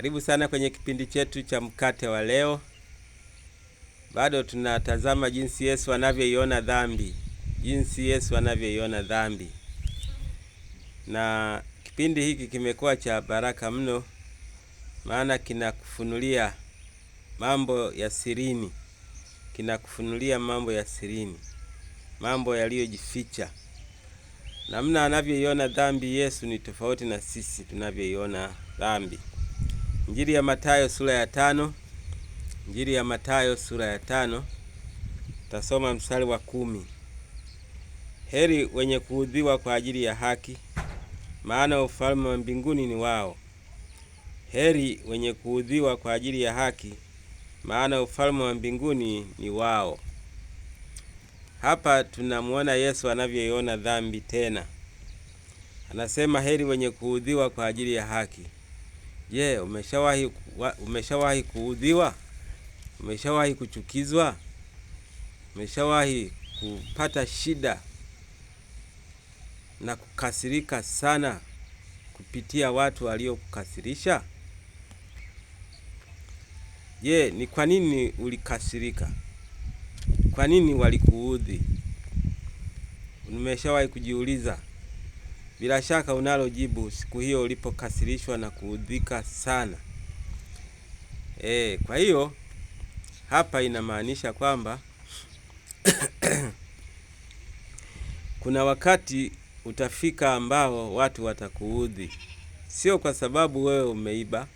Karibu sana kwenye kipindi chetu cha mkate wa leo. Bado tunatazama jinsi Yesu anavyoiona dhambi, jinsi Yesu anavyoiona dhambi, na kipindi hiki kimekuwa cha baraka mno, maana kinakufunulia mambo ya sirini, kinakufunulia mambo ya sirini, mambo yaliyojificha. Namna anavyoiona dhambi Yesu ni tofauti na sisi tunavyoiona dhambi. Injili ya Mathayo sura ya tano. Injili ya Mathayo sura ya tano, tasoma mstari wa kumi. Heri wenye kuudhiwa kwa ajili ya haki, maana ufalme wa mbinguni ni wao. Heri wenye kuudhiwa kwa ajili ya haki, maana ufalme wa mbinguni ni wao. Hapa tunamuona Yesu anavyoiona dhambi tena, anasema heri wenye kuudhiwa kwa ajili ya haki. Je, umeshawahi umeshawahi kuudhiwa? Umeshawahi kuchukizwa? Umeshawahi kupata shida na kukasirika sana kupitia watu waliokukasirisha? Je, ni kwa nini ulikasirika? Kwa nini walikuudhi? Umeshawahi kujiuliza? Bila shaka unalo jibu siku hiyo ulipokasirishwa na kuudhika sana. E, kwa hiyo hapa inamaanisha kwamba kuna wakati utafika ambao watu watakuudhi, sio kwa sababu wewe umeiba,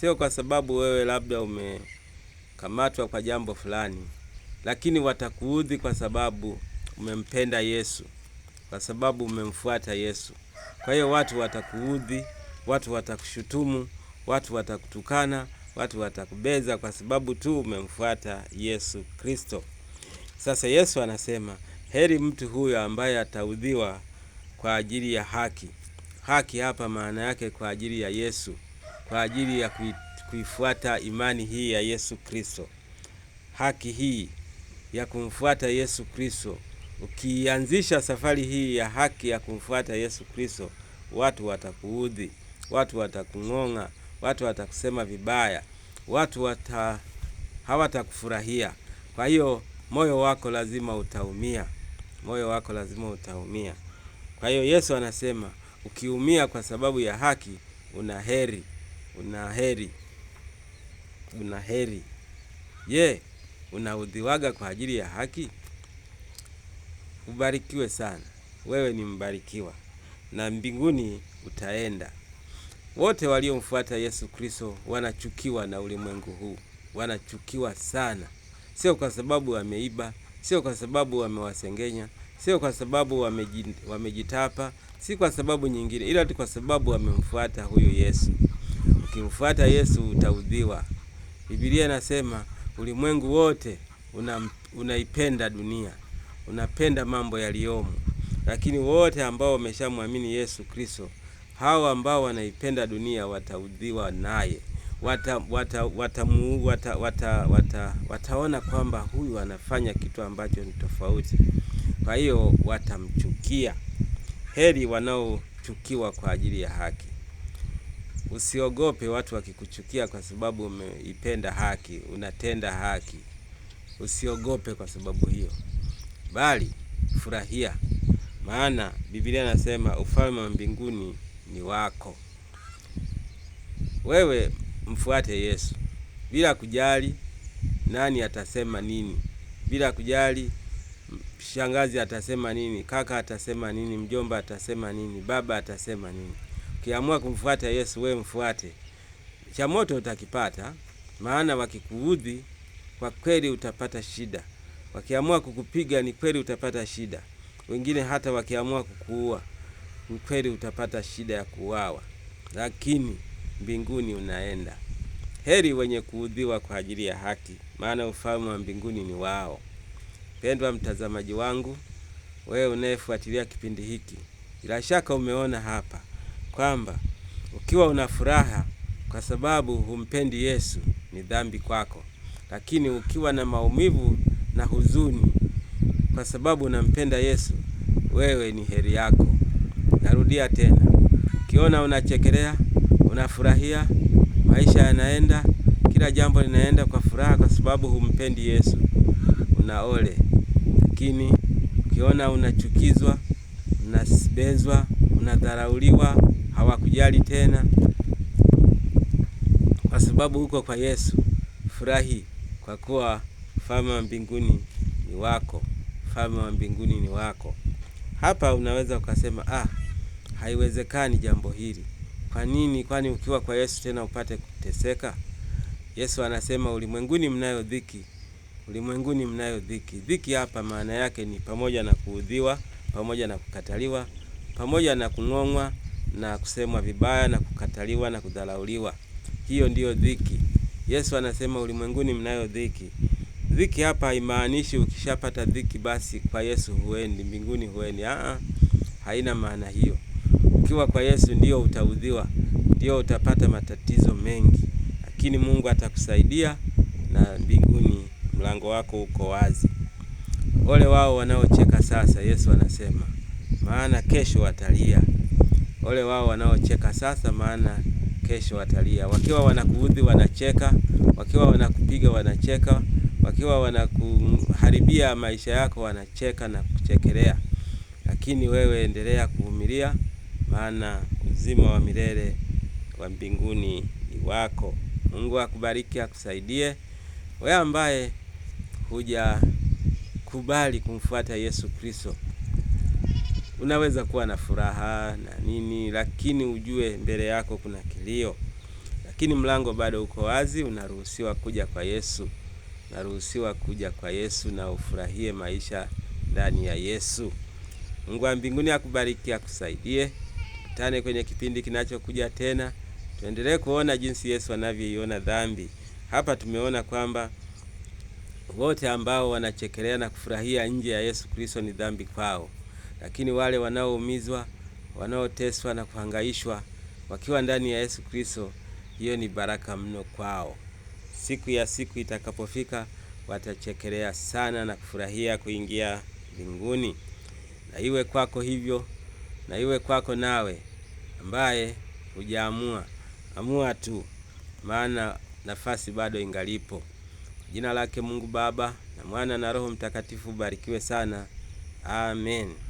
sio kwa sababu wewe labda umekamatwa kwa jambo fulani, lakini watakuudhi kwa sababu umempenda Yesu, kwa sababu umemfuata Yesu. Kwa hiyo watu watakuudhi, watu watakushutumu, watu watakutukana, watu watakubeza kwa sababu tu umemfuata Yesu Kristo. Sasa Yesu anasema heri mtu huyo ambaye ataudhiwa kwa ajili ya haki. Haki hapa maana yake kwa ajili ya Yesu, kwa ajili ya kuifuata imani hii ya Yesu Kristo, haki hii ya kumfuata Yesu Kristo. Ukianzisha safari hii ya haki ya kumfuata Yesu Kristo, watu watakuudhi, watu watakung'ong'a, watu watakusema vibaya, watu wata hawatakufurahia. Kwa hiyo moyo wako lazima utaumia, moyo wako lazima utaumia. Kwa hiyo Yesu anasema ukiumia kwa sababu ya haki, una heri, una heri, una heri. Je, unaudhiwaga kwa ajili ya haki? Ubarikiwe sana, wewe ni mbarikiwa na mbinguni utaenda. Wote waliomfuata Yesu Kristo wanachukiwa na ulimwengu huu, wanachukiwa sana, sio kwa sababu wameiba, sio kwa sababu wamewasengenya, sio kwa sababu wamejitapa, si kwa sababu nyingine, ila tu kwa sababu wamemfuata huyu Yesu. Ukimfuata Yesu utaudhiwa. Biblia inasema ulimwengu wote una, unaipenda dunia unapenda mambo yaliyomo. Lakini wote ambao wameshamwamini Yesu Kristo, hao ambao wanaipenda dunia wataudhiwa naye, wata wata wata, wata, wata, wata, wataona kwamba huyu anafanya kitu ambacho ni tofauti, kwa hiyo watamchukia. Heri wanaochukiwa kwa ajili ya haki. Usiogope watu wakikuchukia kwa sababu umeipenda haki, unatenda haki. Usiogope kwa sababu hiyo bali furahia, maana Biblia nasema ufalme wa mbinguni ni wako. Wewe mfuate Yesu bila kujali nani atasema nini, bila kujali shangazi atasema nini, kaka atasema nini, mjomba atasema nini, baba atasema nini. Ukiamua kumfuata Yesu, we mfuate, cha moto utakipata, maana wakikuudhi kwa kweli utapata shida. Wakiamua kukupiga ni kweli utapata shida, wengine hata wakiamua kukuua ni kweli utapata shida ya kuuawa, lakini mbinguni unaenda. Heri wenye kuudhiwa kwa ajili ya haki, maana ufalme wa mbinguni ni wao. Pendwa mtazamaji wangu, wewe unayefuatilia kipindi hiki, bila shaka umeona hapa kwamba ukiwa una furaha kwa sababu humpendi Yesu ni dhambi kwako, lakini ukiwa na maumivu na huzuni, kwa sababu unampenda Yesu, wewe ni heri yako. Narudia tena, ukiona unachekelea, unafurahia, maisha yanaenda, kila jambo linaenda kwa furaha, kwa sababu humpendi Yesu, unaole. Lakini ukiona unachukizwa, unasibezwa, unadharauliwa, hawakujali tena, kwa sababu huko kwa Yesu, furahi kwa kuwa Ufalme wa mbinguni ni wako, ufalme wa mbinguni ni wako. Hapa unaweza ukasema ah, haiwezekani jambo hili. Kwa nini? Kwani ukiwa kwa Yesu tena upate kuteseka? Yesu anasema ulimwenguni mnayo dhiki, ulimwenguni mnayo dhiki. Dhiki hapa maana yake ni pamoja na kuudhiwa, pamoja na kukataliwa, pamoja na kung'ong'wa na kusemwa vibaya na kukataliwa na kudhalauliwa. Hiyo ndiyo dhiki. Yesu anasema ulimwenguni mnayo dhiki. Dhiki hapa haimaanishi ukishapata dhiki basi kwa Yesu huendi mbinguni, huendi. Aa, haina maana hiyo. Ukiwa kwa Yesu ndio utaudhiwa, ndio utapata matatizo mengi, lakini Mungu atakusaidia na mbinguni mlango wako uko wazi. Ole wao wanaocheka sasa, Yesu anasema, maana kesho watalia. Ole wao wanaocheka sasa, maana kesho watalia. Wakiwa wanakuudhi wanacheka, wakiwa wanakupiga wanacheka wakiwa wanakuharibia maisha yako, wanacheka na kuchekelea, lakini wewe endelea kuvumilia, maana uzima wa milele wa mbinguni ni wako. Mungu akubariki, akusaidie wewe ambaye hujakubali kumfuata Yesu Kristo. Unaweza kuwa na furaha na nini, lakini ujue mbele yako kuna kilio, lakini mlango bado uko wazi, unaruhusiwa kuja kwa Yesu. Naruhusiwa kuja kwa Yesu na ufurahie maisha ndani ya Yesu. Mungu wa mbinguni akubariki, akusaidie. Tukutane kwenye kipindi kinachokuja tena, tuendelee kuona jinsi Yesu anavyoiona dhambi. Hapa tumeona kwamba wote ambao wanachekelea na kufurahia nje ya Yesu Kristo ni dhambi kwao, lakini wale wanaoumizwa, wanaoteswa na kuhangaishwa wakiwa ndani ya Yesu Kristo, hiyo ni baraka mno kwao. Siku ya siku itakapofika, watachekelea sana na kufurahia kuingia mbinguni. Na iwe kwako hivyo, na iwe kwako nawe ambaye hujaamua. Amua tu, maana nafasi bado ingalipo. Jina lake Mungu Baba na Mwana na Roho Mtakatifu barikiwe sana. Amen.